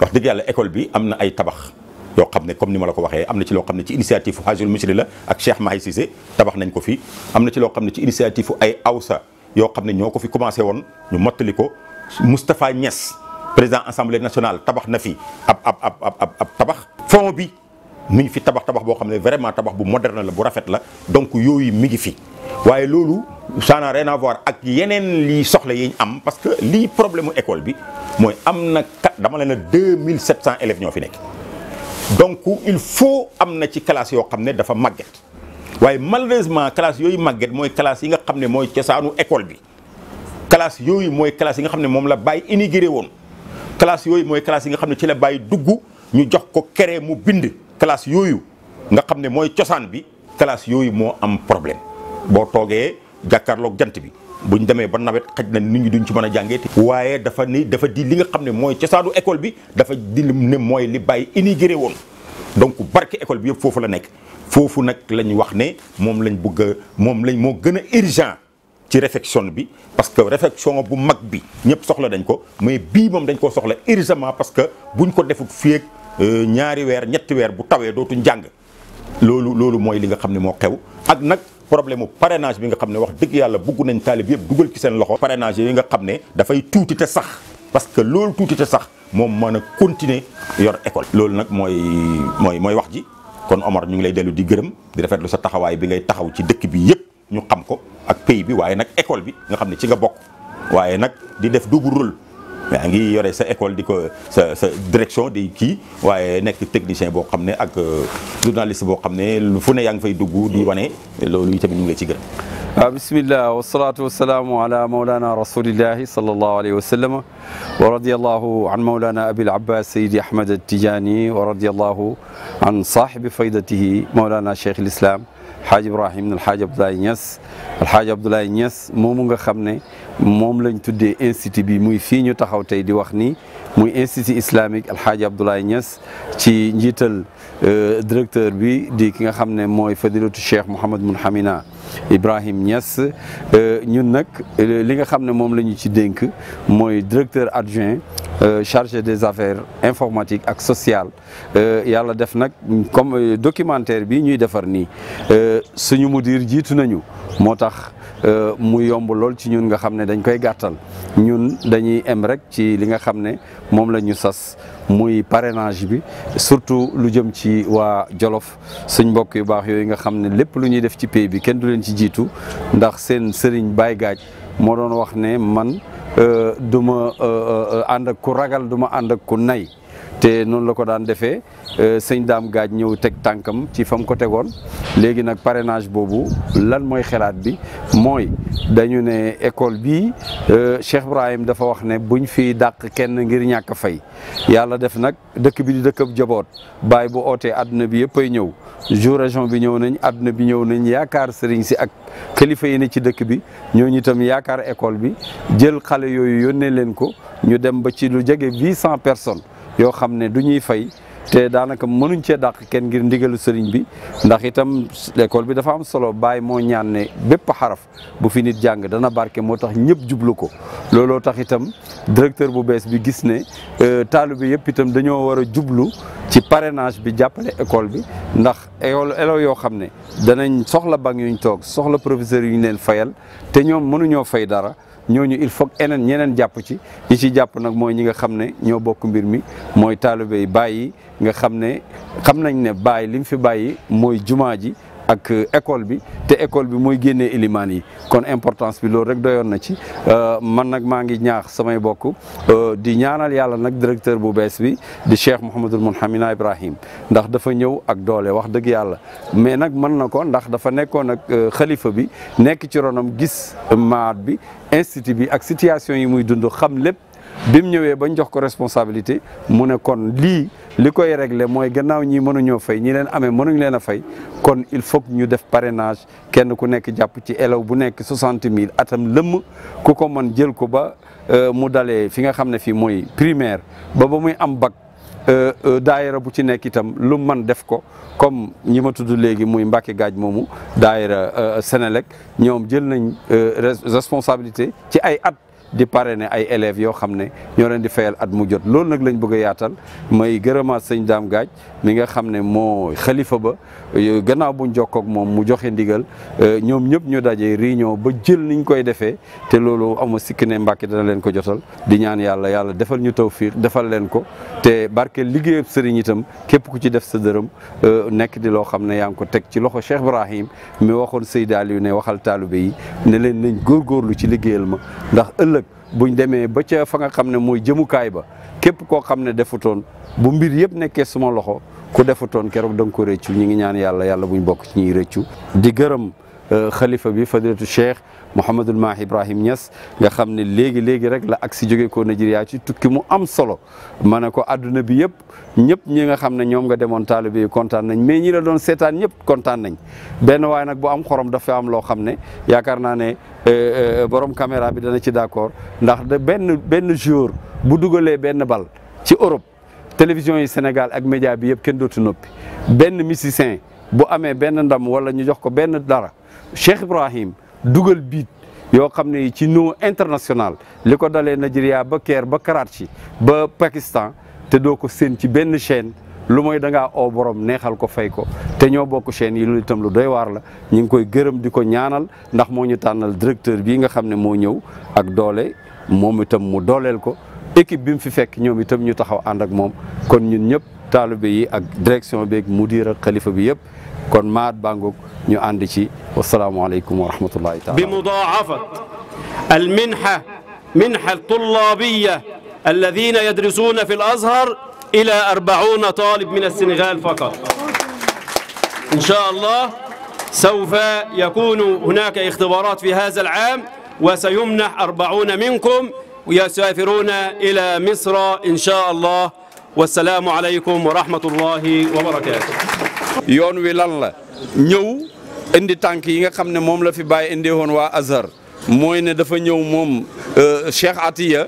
wax dëgg yàlla école bi am ay tabax yoo xam comme ni la ko waxee am ci loo xam ci initiative Hajjul Misri la ak Cheikh Mahi Cissé tabax nañ ko fi am ci loo xam ci initiative ay awsa yoo xam ne fi commencé woon ñu mottali ko Niass président assemblée nationale tabax na fi ab ab ab ab ab tabax fond bi ñu fi tabax tabax bo xamné vraiment tabax bu moderne la bu rafet la donc yoyu mi ngi fi waye lolu ça n'a rien à voir ak yenen li soxla yi ñu am parce que li problème école bi moy amna dama leen 2700 élèves ñofi nek donc il faut amna ci classe yo xamné ne dafa màgget waye malheureusement classe yoyu màgget moy classe yi nga xamné ne mooy cosaanu école bi classe yoyu moy classe yi nga xamné ne la baye immigré won classe yoyu moy classe yi nga xamné ne ci la baye duggu ñu jox ko créer mu bind. classe yooyu nga xam ne mooy cosaan bi classe yooyu moo am problème boo toogee jàkkaarloog jant bi buñ demee ba nawet xaj na nit ñi duñ ci mën a jàngee. waaye dafa ni dafa di li nga xam ne mooy cosaanu école bi dafa di ne mooy li bàyyi immigré woon donc barke école bi yëpp foofu la nekk foofu nag lañ wax ne moom lañ bëgg a moom lañ moo gën a urgent ci réflexion bi parce que réflexion bu mag bi ñëpp soxla dañ ko mais bii moom dañ koo soxla urgemment parce que buñ ko defut fii Euh, ñaari weer ñetti weer bu tawee dootuñ jàng loolu loolu mooy li nga xam ne moo xew ak nag problème mu parrainage bi nga xam ne wax dëgg yàlla bugg nañ taalib yëpp dugal ci seen loxo. parrainage yi nga xam ne dafay tuuti te sax parce que loolu tuuti te sax moom mën a continuer yor école. loolu nag mooy mooy mooy wax ji kon Omar ñu ngi lay dellu di gërëm di rafetlu sa taxawaay bi ngay taxaw ci dëkk bi yëpp ñu xam ko ak pay bi waaye nag école bi nga xam ne ci nga bokk waaye nag di def double rôle. yaa ngi yore sa école di ko sa sa direction di kii waaye nekk technicien boo xam ne ak euh, journaliste boo xam ne fu ne yaa ngi fay dugg di wane loolu itamit ñu ngi la ci gërëm. waaw ah, bismillah wasalaatu wasalaamu ala maulana rasulillahi sallallahu alayhi wa sallam wa radiallahu an maulana abil abbas sayidi ahmad atijani wa radiallahu an sahibi faydatihi maulana cheikh lislam حاج ابراهيم الحاج عبد الله نياس الحاج عبد الله نياس مومغا خامني موم لا نتودي انستيتي بي موي في ني تاخاو تاي دي واخني موي انستيتي اسلاميك الحاج عبد الله نياس تي نجيتال دايركتور بي دي كيغا خامني موي فضيله الشيخ محمد بن حمينه Ibrahim Niass euh, ñun nag euh, li nga xam ne moom la ñu ci dénk mooy directeur adjoint euh, chargé des affaires informatiques ak sociales yàlla def nag comme documentaire bi ñuy defar nii suñu mudir jiitu nañu moo tax. Euh, mu yomb lool ci ñun nga xam ne dañ koy gàttal ñun dañuy em rek ci li nga xam ne moom la ñu sas muy parenage bi surtout lu jëm ci waa Jolof suñ mbokk yu baax yooyu nga xam ne lépp lu ñuy def ci pays bi kenn du leen ci jiitu ndax seen sëriñ Baay Gaaj moo doon wax ne man euh, du ma euh, ànd ak ku ragal du ma ànd ak ku nay te noonu la ko daan defee euh, sëñ daam gaaj ñëw teg tànkam ci fa mu ko tegoon léegi nag parrainage boobu lan mooy xalaat bi mooy dañu ne école bi euh, Cheikh Ibrahim dafa wax ne buñ fi dàq kenn ngir ñàkk fay yàlla def nag dëkk bi di dëkkab jaboot baay bu ootee àdduna bi yëpp ay ñëw jour région bi ñëw nañ àdduna bi ñëw nañ yaakaar sëriñ si ak kilifa yi ne ci dëkk bi ñooñu itam yaakaar école bi jël xale yooyu yónnee leen ko ñu dem ba ci lu jege huit cent personnes yoo xam ne du ñuy fay te daanaka mënuñ cee dàq kenn ngir ndigalu sëriñ bi ndax itam école bi dafa am solo bàyyi moo ñaan ne bépp xaraf bu fi nit jàng dana barke moo tax ñëpp jublu ko looloo tax itam directeur bu bees bi gis ne euh, taalibe yëpp itam dañoo war a jublu ci parrainage bi jàppale école bi ndax école élèves yoo xam ne danañ soxla banc yuñ toog soxla professeur yuñ leen fayal te ñoom mënuñoo fay dara ñooñu il faut eneen ñeneen jàpp ci ñi ci jàpp nag mooy ñi nga xam ne ñoo bokk mbir mi mooy taalibe yi bàyyi nga xam ne xam nañ ne bàyyi li mu fi bàyyi mooy jumaa ji ak euh, école bi te école bi mooy génnee ilimaan yi kon importance bi loolu rek doyoon na ci euh, man nag maa ngi ñaax samay bokk euh, di ñaanal yàlla nag directeur bu bees bi di Cheikh Mouhamadul Mounhamina Ibrahim ndax dafa ñëw ak doole wax dëgg yàlla mais nag man na ko ndax dafa nekkoon ak xalifa bi nekk ci ronam gis maat bi institut bi ak situation yi muy dund xam lépp bi mu ñëwee ñu jox ko responsabilité mu ne kon lii li koy régler mooy gannaaw ñi mënuñoo fay ñi leen amee mënuñ leen a fay kon il faut ñu def parrainage kenn ku nekk jàpp ci élève bu nekk soixante mille atam lëmm ku ko mën jël ko ba euh, mu dalee fi nga xam ne fii mooy primaire ba ba muy am bac euh, euh, daayira bu ci nekk itam lu man def ko comme ñi ma tudd léegi muy Mbacke gaaj moomu daayira senelek ñoom jël nañ responsabilité ci ay at di ne ay élèves yoo xam ne ñoo leen di fayal at mu jot loolu nag lañ bugg a yaatal may gërëmaat sëñ Dame Gaaj mi nga xam ne moo xalifa ba gannaaw buñ jokkook moom mu joxe ndigal euh, ñoom ñëpp ñu daje réunion ba jël niñ koy defee te loolu ama sikki ne Mbàkke dana leen ko jotal di ñaan yàlla yàlla defal ñu tawfiq defal leen ko te barke liggéeyab sëriñ itam képp ku ci def sa dërëm euh, nekk di loo xam ne yaa ngi ko teg ci loxo Cheikh Ibrahim mi waxoon Seydi Aliou ne waxal taalibe yi ne leen nañ góorgóorlu ci liggéeyal buñ demee ba ca fa nga xam ne mooy jëmukaay ba képp koo xam ne defutoon bu mbir yëpp nekkee suma loxo ku defutoon keroog da nga ko rëccu ñi ngi ñaan yàlla yàlla buñ bokk ci ñuy rëccu di gërëm xalifa bi fadilatu cheikh Mouhamadul Mahi Ibrahim Niass nga xam ne léegi léegi rek la agsi jóge ko Nigeria ci tukki mu am solo ma ne ko adduna bi yëpp ñëpp ñi nga xam ne ñoom nga demoon taalibe yi kontaan nañ mais ñi la doon seetaan ñëpp kontaan nañ benn waaye nag bu am xorom dafa am loo xam ne yaakaar naa ne borom caméra bi dana ci d'accord ndax de benn benn jour bu dugalee benn bal ci Europe télévision yi Sénégal ak média bi yëpp kenn dootu noppi benn musicien bu amee benn ndam wala ñu jox ko benn dara. Cheikh Ibrahim dugal biit yoo xam ne ci niveau international li ko dalee Nigeria ba ker ba Karachi ba Pakistan te doo ko seen ci benn chaîne lu mooy da ngaa borom neexal ko fay ko te ñoo bokk shein yi loolu itam lu doy waar la ñu ngi koy gërëm di ko ñaanal ndax moo ñu tànnal directeur bii nga xam ne moo ñëw ak doole moom itam mu dooleel ko équipe bi mu fi fekk ñoom itam ñu taxaw ànd ak moom kon ñun ñëpp taalibe yi ak direction beeg mudir ak xalifa bi yëpp. كون مات بانغوك ني اندي والسلام عليكم ورحمه الله تعالى بمضاعفه المنحه منحة الطلابية الذين يدرسون في الأزهر إلى أربعون طالب من السنغال فقط إن شاء الله سوف يكون هناك اختبارات في هذا العام وسيمنح أربعون منكم ويسافرون إلى مصر إن شاء الله والسلام عليكم ورحمة الله وبركاته yoon wi lan la ñëw indi tànk yi nga xam ne moom la fi bàyyi indi woon waa Azhar mooy ne dafa ñëw moom euh, Cheikh Atiya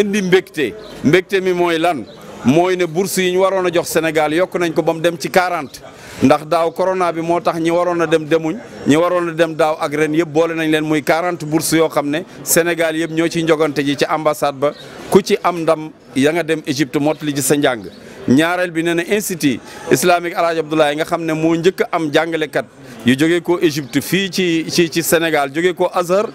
indi mbégte mbégte mi mooy lan mooy ne bourse yi ñu waroon a jox Sénégal yokk nañ ko ba mu dem ci 40 ndax daaw corona bi moo tax ñi waroon a dem demuñ ñi waroon dem daaw ak ren yëpp boole nañ leen muy quarante bourse yoo xam ne Sénégal yëpp ñoo ci njogante ji ci ambassade ba ku ci am ndam ya nga dem Égypte mottali ci sa njàng ñaareel bi nee na institut islamique El Hadj Abdoulaye nga xam ne moo njëkk am jàngalekat yu jóge ko Égypte fii ci ci ci Sénégal jóge ko Azhar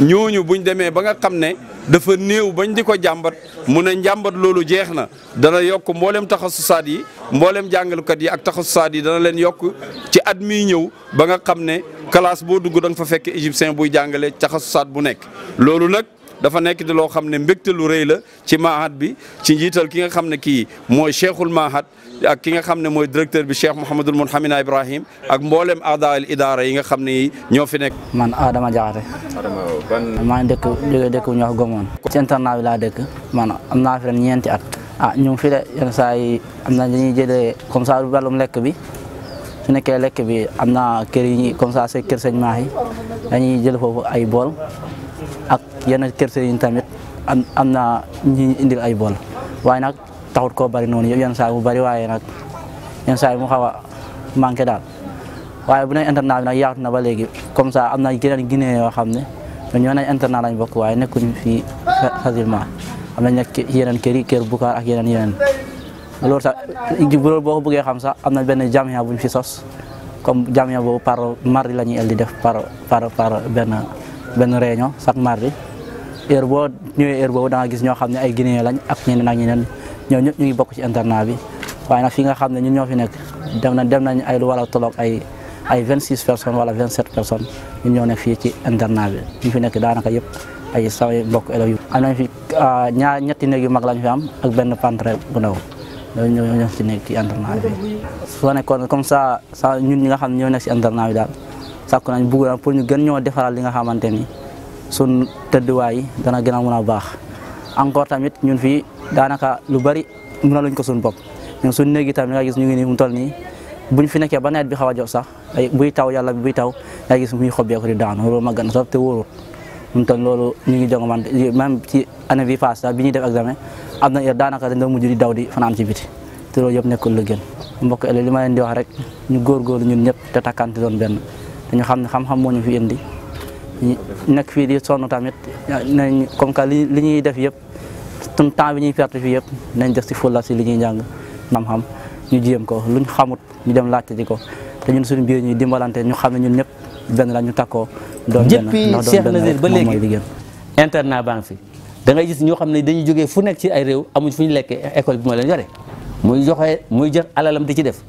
ñooñu buñ demee ba nga xam ne dafa néew bañ di ko jàmbat mu ne njàmbat loolu jeex na dana yokk mboolem taxasusaat yi mboolem jàngalekat yi ak taxasusaat yi dana leen yokk ci at miy ñëw ba nga xam ne classe boo dugg da fa fekk égyptien buy jàngale taxasusaat bu nekk loolu nag. dafa nekk di loo xam ne mbégte lu rëy la ci mahad bi ci njiital ki nga xam ne kii mooy cheikhul mahad ak ki nga xam ne mooy directeur bi cheikh Mouhamadul Mounhamina Ibrahim ak mboolem aadaal idaara yi nga xam ne ñoo fi nekk. man Adama Diakhaté. Adama ban. maa ngi dëkk jógee dëkk bu ñuy wax Gomoon. ci internat bi laa dëkk man am naa fi ren ñeenti at. ah ñu fi de yi am na dañuy jëlee comme ça wàllum lekk bi su nekkee lekk bi am na kër yi comme ça say kër sëñ dañuy jël foofu ay bool. yenn kër sëriñ tamit am am naa ñi indi ay bool waaye nag taxut koo bari noonu yenn saa yi mu bari waaye nag yenn saa yi mu xaw a manqué daal waaye bu ne internat bi yaatu na ba léegi comme sa am na yeneen Guinée yoo xam ne ñoo nañ internat lañ bokk waaye nekkuñu fii facilement am na nekk yeneen kër yi kër Bukaar ak yeneen yeneen loolu sax loolu boo ko bëggee xam sax am na benn jamia buñ fi sos comme jamia boobu par mari lañu ñuy def par par par benn benn réunion chaque mardi heure boo ñëwee heure boobu da nga gis ñoo xam ne ay Guinéen lañ ak ñeneen ak ñeneen ñoo ñëpp ñu ngi bokk ci internat bi waaye nag fi nga xam ne ñun ñoo fi nekk dem ka dem nañ ay lu a tolloog ay ay 26 samay mbokk élèves yu am nañ fi ah, ñaar ñetti néeg yu mag lañ fi am ak benn pentre bu ndaw ñu ñoo ñoo ci nekk bi soo nekkoon comme nga xam ne ñu nga xamante ni sun tëdduwaay dana gën a mun a baax encore tamit ñun fii daanaka lu bari mënaluñ ko suñ bopp ñun suñ néegi tamit nga gis ñu ngi nii mu toll ni buñ fi nekkee ba nawet bi xaw a jot sax ay buy taw yàlla bi buy taw nga gis muy xobbee ko di daanu te wóorul mu toll loolu ñu ngi jongomante même ci année bi passée sax bi ñuy def examen am na heure daanaka dañ doon mujj di daw di fanaan ci biti te loolu yëpp nekkul lu gën mbokk élèves ma leen di wax rek ñu góorgóorlu ñun ñëpp te takkante doon benn dañu xam ne xam-xam moo ñu fi indi ñi nekk fii di sonn tamit nañ comme que li ñuy def yëpp suñ temps bi ñuy perte fii yëpp nañ def si fulla si li ñuy njàng nam xam ñu jéem ko luñ xamut ñu dem laajte ji ko te ñun suñu biir ñuy dimbalante ñu xam ne ñun ñëpp benn la ñu takkoo doon benn ndax doon benn ba léegi internat baa fi da ngay gis ñoo xam ne dañuy jógee fu nekk ci ay réew amuñ fu ñu lekkee école bi ma leen yore muy joxe muy jël alalam di ci def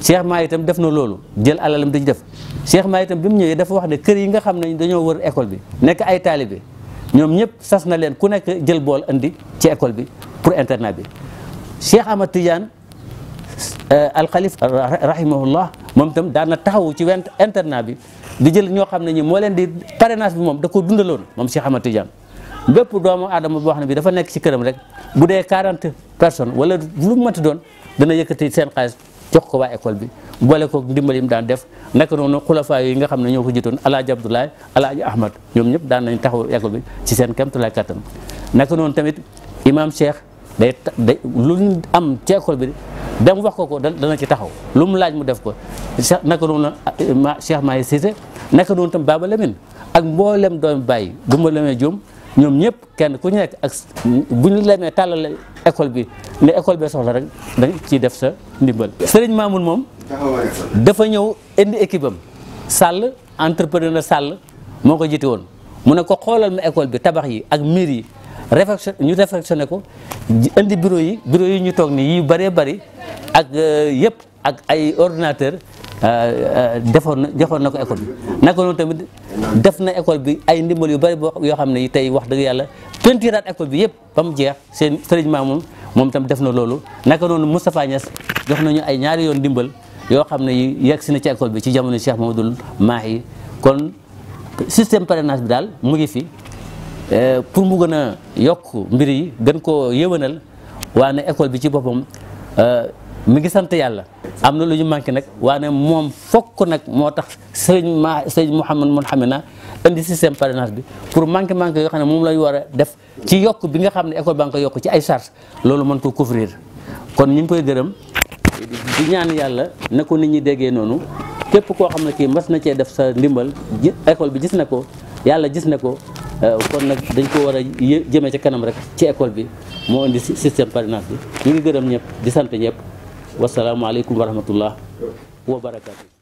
Cheikh Mahi itam def na loolu jël alalam di def Cheikh Mahi itam bi mu ñëwee dafa wax ne kër yi nga xam na ne dañoo wër école bi nekk ay taalibe ñoom ñëpp sas na leen ku nekk jël bool andi ci école bi pour internat bi Cheikh Ahmad Tidiane euh, alxalif rahimahullah moom itam daan na taxawu ci went internat bi di jël ñoo xam ne ñi moo leen di parrainage bi moom da ko dundaloon moom Cheikh Ahmad Tidiane bépp doomu aadama boo xam ne bi dafa nekk ci këram rek bu dee 40 personnes wala lu mu mënti doon dana yëkkati seen xaalis jox ko waa école bi boole ko ndimbal yi mu daan def naka noonu xulafaa yi nga xam ne ñoo ko jiitoon alaaji Abdoulaye alaaji Ahmad ñoom ñëpp daan nañ taxaw école bi ci seen kéemtalaay kattan naka noonu tamit imam Cheikh am ci bi dem wax ko ko dana ci taxaw lu mu laaj mu def ko Cheikh naka noonu ma Cheikh Mahi Cissé naka noonu tam Baba Lamine ak mboolem doomu bàyyi bu ma lemee ñoom ñëpp kenn ku nekk ak bu ñu lemee tàllale école bi li école bee soxla rek dañ ciy def sa ndimbal Serigne Mamoun moom dafa ñëw indi équipe sàll Sall entrepreneur sàll moo ko jiite woon mu ne ko xoolal ma école bi tabax yi ak miir yi réflexion ñu ne ko indi bureau yi bureau yi ñu toog nii yu bëree bëri ak euh, yëpp ak ay ordinateur euh, euh, defoon na joxoon na ko école bi naka noonu tamit def na école bi ay ndimbal yu bëri boo xam ne tey wax dëgg yàlla pentiraat école bi yëpp ba mu jeex seen sëriñ Mamoun moom itam def na loolu naka noonu Moustapha Niass jox nañu ay ñaari yoon ndimbal yoo xam ne yegg si na ci école bi ci jamono Cheikh Mamadou Mahi kon système daal mu ngi fi eh, pour mu gën a yokk mbir yi gën koo yëwanal waane école bi ci boppam eh, mi ngi sant yàlla am na lu manqué nag waane moom fokk nag moo tax sëriñ ma sëriñ Mouhamad Mouhamad na indi système parrainage bi pour manqué manqué yoo xam ne moom lañu war a def ci yokk bi nga xam ne école banque yokk ci ay charge loolu mën ko couvrir kon ñu ngi koy gërëm di ñaan yàlla na ko nit ñi déggee noonu képp koo xam ne kii mas na cee def sa ndimbal école bi gis na ko yàlla gis na ko euh, kon nag dañ koo war a jëmee ci kanam rek ci école bi moo indi système parrainage bi ñu ngi gërëm ñëpp di sant ñëpp wasalaamualeykum wa rahmatullah wa